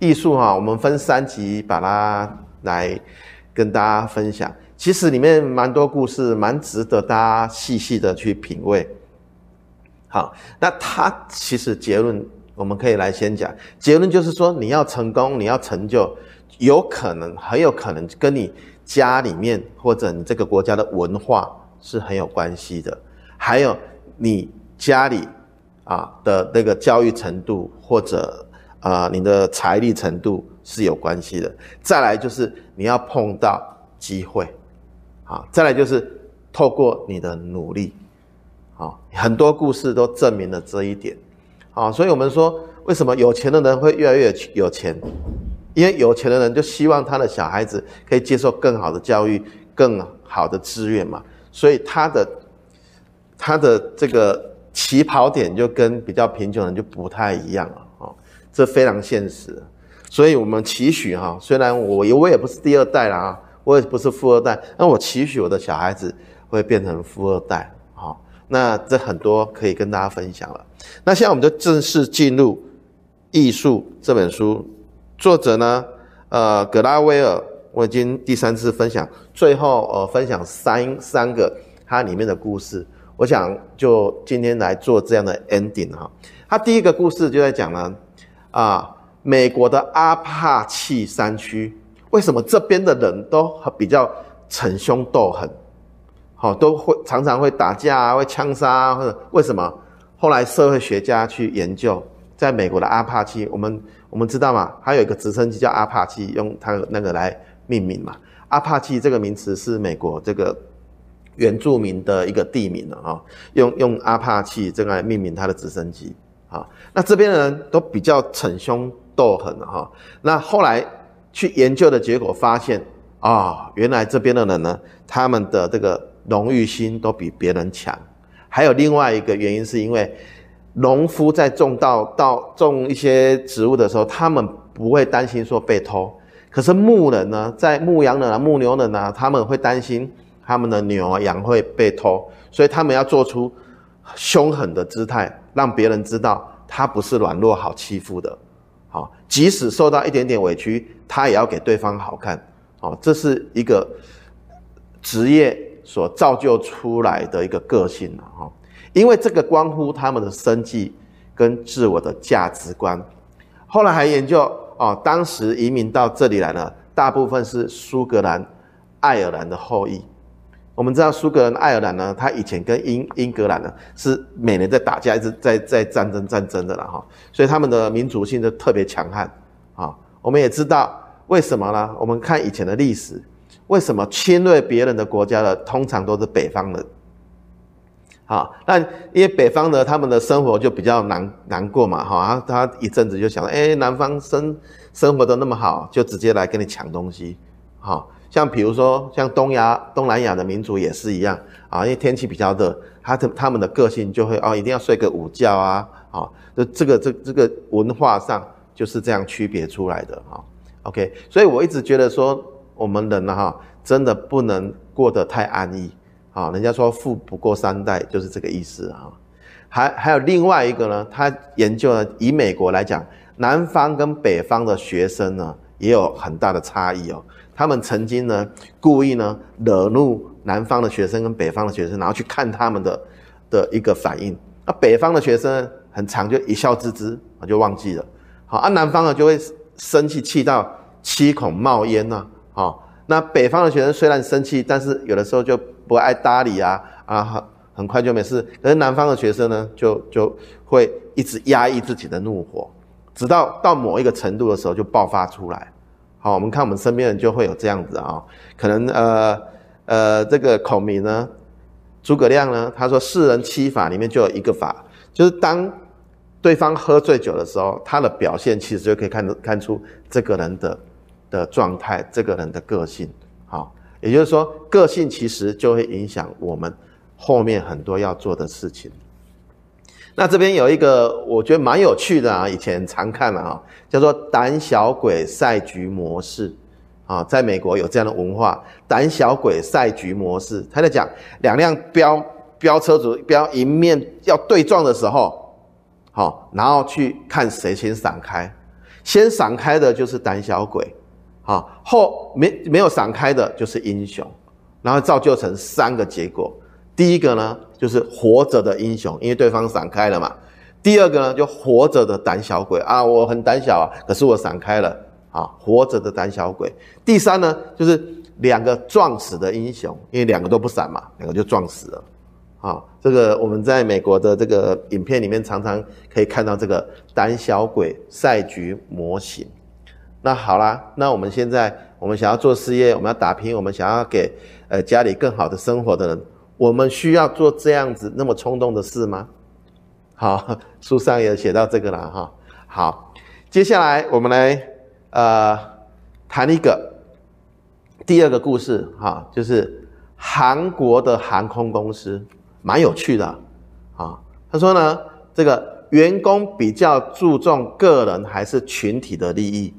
異數哈、啊，我們分三集把它來跟大家分享。其實裡面蠻多故事，蠻值得大家細細的去品味。好，那它其實結論我們可以來先講，結論就是說你要成功，你要成就，有可能很有可能跟你家裡面或者你這個國家的文化是很有關係的，還有你家裡啊的那個教育程度或者。啊、呃，你的財力程度是有關係的。再來就是你要碰到機會，好，再來就是透過你的努力，好，很多故事都證明了這一點。好，所以我們說，為什麼有錢的人會越來越有錢？因為有錢的人就希望他的小孩子可以接受更好的教育、更好的資源嘛，所以他的，他的他的這個起跑點就跟比較貧窮的人就不太一樣了。這非常現實，所以我們期許哈。雖然我我也不是第二代了啊，我也不是富二代，那我期許我的小孩子會變成富二代啊。那這很多可以跟大家分享了。那現在我們就正式進入《異數》這本書，作者呢，呃，葛拉威爾，我已經第三次分享，最後呃，分享三三個它裡面的故事。我想就今天來做這樣的 ending 哈。他第一個故事就在講呢。啊，美國的阿帕契山區，為什麼這邊的人都比較逞凶鬥狠？好，都會常常會打架啊，會槍殺啊，或者為什麼？後來社會學家去研究，在美國的阿帕契，我們我們知道嘛，還有一個直升機叫阿帕契，用它那個來命名嘛。阿帕契這個名詞是美國這個原住民的一個地名了啊，用用阿帕契這個來命名它的直升機。啊，那這邊的人都比較逞凶鬥狠哈，那後來去研究的結果發現，啊、哦，原來這邊的人呢，他們的這個榮譽心都比別人強。還有另外一個原因，是因為農夫在種稻、稻種一些植物的時候，他們不會擔心說被偷。可是牧人呢，在牧羊人啊、牧牛人呢、啊，他們會擔心他們的牛啊、羊會被偷，所以他們要做出兇狠的姿態，讓別人知道他不是軟弱好欺負的，好，即使受到一點點委屈，他也要給對方好看，好，這是一個職業所造就出來的一個個性了哈，因為這個關乎他們的生計跟自我的價值觀。後來還研究哦，當時移民到這裡來呢，大部分是蘇格蘭、愛爾蘭的後裔。我們知道蘇格蘭、愛爾蘭呢，它以前跟英英格蘭呢是每年在打架，一直在在戰爭、戰爭的啦。哈、哦。所以他們的民族性就特別強悍哈、哦，我們也知道為什麼呢？我們看以前的歷史，為什麼侵略別人的國家的通常都是北方人？啊、哦，那因為北方的他們的生活就比較難難過嘛，哈、哦。他一陣子就想說誒、欸、南方生生活的那麼好，就直接來跟你搶東西，哈、哦。像比如說，像東亞、東南亞的民族也是一樣啊，因為天氣比較熱，他的他們的個性就會哦，一定要睡個午覺啊，啊、哦，這這個這這個文化上就是這樣區別出來的啊、哦。OK，所以我一直覺得說，我們人哈、哦、真的不能過得太安逸啊、哦。人家說富不過三代，就是這個意思啊。還、哦、還有另外一個呢，他研究了以美國來講，南方跟北方的學生呢。也有很大的差異哦。他們曾經呢，故意呢惹怒南方的學生跟北方的學生，然後去看他們的的一個反應。那、啊、北方的學生很常就一笑置之啊，就忘記了。好、啊，啊南方呢就會生氣，氣到七孔冒煙啊，好、啊，那北方的學生雖然生氣，但是有的時候就不愛搭理啊，啊很快就沒事。可是南方的學生呢，就就會一直壓抑自己的怒火。直到到某一個程度的時候就爆發出來，好，我們看我們身邊人就會有這樣子啊、哦，可能呃呃，這個孔明呢，諸葛亮呢，他說識人七法裡面就有一個法，就是當對方喝醉酒的時候，他的表現其實就可以看得看出這個人的的狀態，這個人的個性，好，也就是說個性其實就會影響我們後面很多要做的事情。那這邊有一個我覺得蠻有趣的啊，以前常看的啊，叫做“膽小鬼賽局模式”，啊，在美國有這樣的文化，“膽小鬼賽局模式”。他在講兩輛飆飆車族飆迎面要對撞的時候，好，然後去看誰先閃開，先閃開的就是膽小鬼，啊，後沒沒有閃開的就是英雄，然後造就成三個結果，第一個呢。就是活着的英雄，因為對方閃開了嘛。第二個呢，就活着的膽小鬼啊，我很膽小啊，可是我閃開了啊，活着的膽小鬼。第三呢，就是兩個撞死的英雄，因為兩個都不閃嘛，兩個就撞死了啊。這個我們在美國的這個影片裡面常常可以看到這個膽小鬼賽局模型。那好啦，那我們現在我們想要做事業，我們要打拼，我們想要給呃家裡更好的生活的人。我們需要做這樣子那麼衝動的事嗎？好，書上也寫到這個了哈。好，接下來我們來呃談一個第二個故事哈，就是韓國的航空公司蠻有趣的啊。他說呢，這個員工比較注重個人還是群體的利益。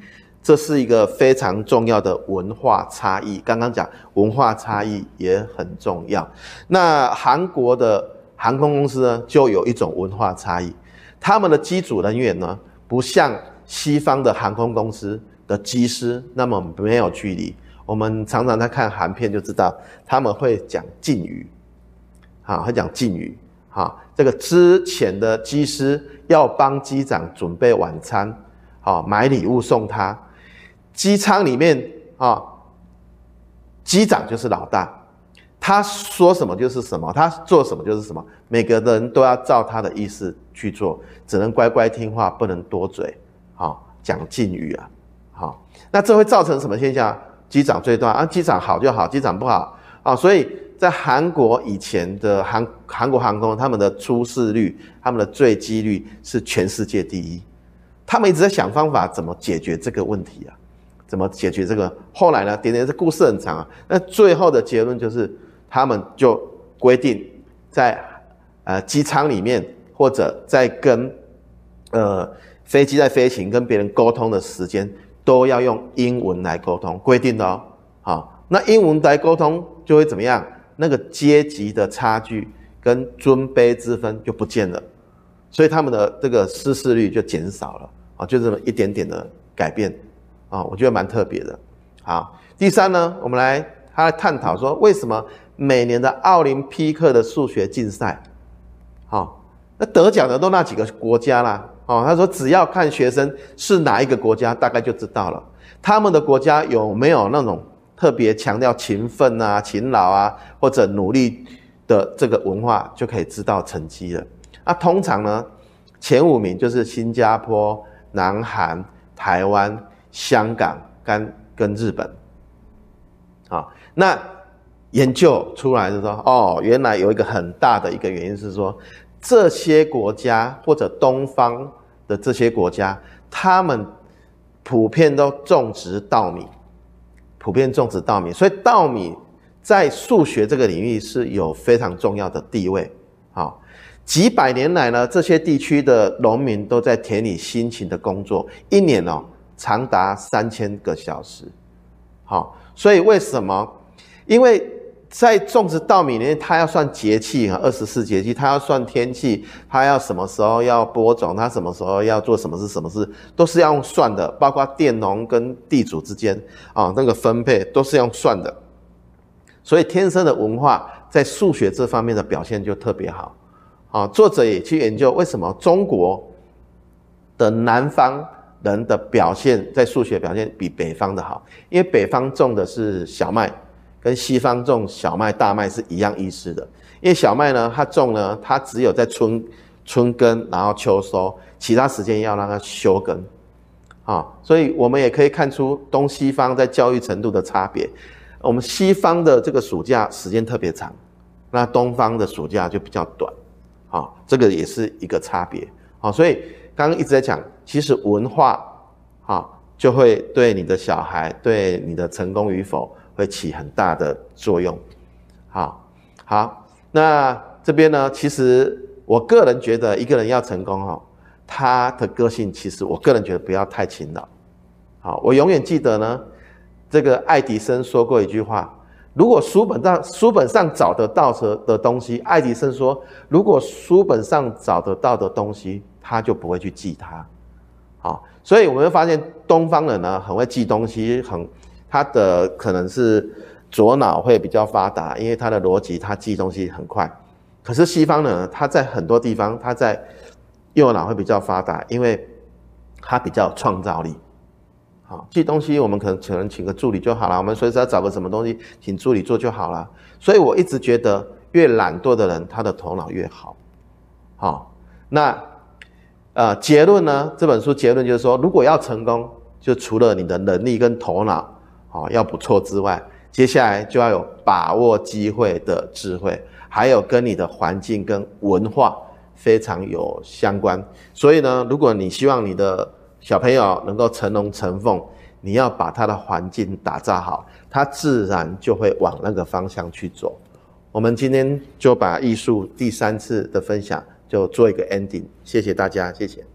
這是一個非常重要的文化差異。剛剛講文化差異也很重要。那韓國的航空公司呢，就有一種文化差異。他們的機組人員呢，不像西方的航空公司的機師那麼沒有距離。我們常常在看韓片就知道，他們會講敬語，好，會講敬語，好，這個之前的機師要幫機長準備晚餐，好，買禮物送他。機艙裡面啊，機長就是老大，他說什麼就是什麼，他做什麼就是什麼，每個人都要照他的意思去做，只能乖乖聽話，不能多嘴，好、哦、講禁語啊，好、哦，那這會造成什麼現象？機長最大啊，機長好就好，機長不好啊、哦，所以在韓國以前的韓韓國航空，他們的出事率、他們的墜機率是全世界第一，他們一直在想方法怎麼解決這個問題啊。怎麼解決這個？後來呢？點點，這故事很長啊。那最後的結論就是，他們就規定在呃機艙裡面或者在跟呃飛機在飛行跟別人溝通的時間都要用英文來溝通，規定的哦。好，那英文來溝通就會怎麼樣？那個階級的差距跟尊卑之分就不見了，所以他們的這個失事率就減少了啊，就這麼一點點的改變。啊、哦，我覺得蠻特別的。好，第三呢，我們來他來探討說，為什麼每年的奧林匹克的數學競賽，好、哦，那得獎的都那幾個國家啦？哦，他說只要看學生是哪一個國家，大概就知道了。他們的國家有沒有那種特別強調勤奮啊、勤勞啊或者努力的這個文化，就可以知道成績了。那、啊、通常呢，前五名就是新加坡、南韓、台灣。香港跟跟日本好，好，那研究出來就是說，哦，原來有一個很大的一個原因是說，這些國家或者東方的這些國家，他們普遍都種植稻米，普遍種植稻米，所以稻米在數學這個領域是有非常重要的地位。好，幾百年來呢，這些地區的農民都在田裡辛勤的工作，一年哦。長達三千個小時，好，所以為什麼？因為在種植稻米裡面，它要算節氣啊，二十四節氣，它要算天氣，它要什麼時候要播種，它什麼時候要做什麼事，什麼事，都是要用算的。包括佃農跟地主之間啊，那個分配都是用算的。所以，天生的文化在數學這方面的表現就特別好。啊，作者也去研究為什麼中國的南方。人的表現，在數學表現比北方的好，因為北方種的是小麥，跟西方種小麥、大麥是一樣意思的。因為小麥呢，它種呢，它只有在春春耕，然後秋收，其他時間要讓它休耕，啊，所以我們也可以看出東西方在教育程度的差別。我們西方的這個暑假時間特別長，那東方的暑假就比較短，啊，這個也是一個差別，啊，所以剛剛一直在講。其實文化，哈，就會對你的小孩、對你的成功與否，會起很大的作用。好好，那這邊呢？其實我個人覺得，一個人要成功，哈，他的個性其實我個人覺得不要太勤勞。好，我永遠記得呢，這個愛迪生說過一句話，如果書本上書本上找得到的的東西，愛迪生說，如果書本上找得到的東西，他就不會去記它。好，所以我們會發現東方人呢，很會記東西，很，他的可能是左腦會比較發達，因為他的邏輯，他記東西很快。可是西方人呢，他在很多地方，他在右腦會比較發達，因為他比較有創造力。好，記東西我們可能可能請個助理就好了，我們隨時要找個什麼東西請助理做就好了。所以我一直覺得越懶惰的人，他的頭腦越好。好，那。呃，結論呢，這本書結論就是說，如果要成功，就除了你的能力跟頭腦，哦要不錯之外，接下來就要有把握機會的智慧，還有跟你的環境跟文化非常有相關。所以呢，如果你希望你的小朋友能夠成龍成鳳，你要把他的環境打造好，他自然就會往那個方向去走。我們今天就把異數第三次的分享，就做一個 ending，謝謝大家，謝謝。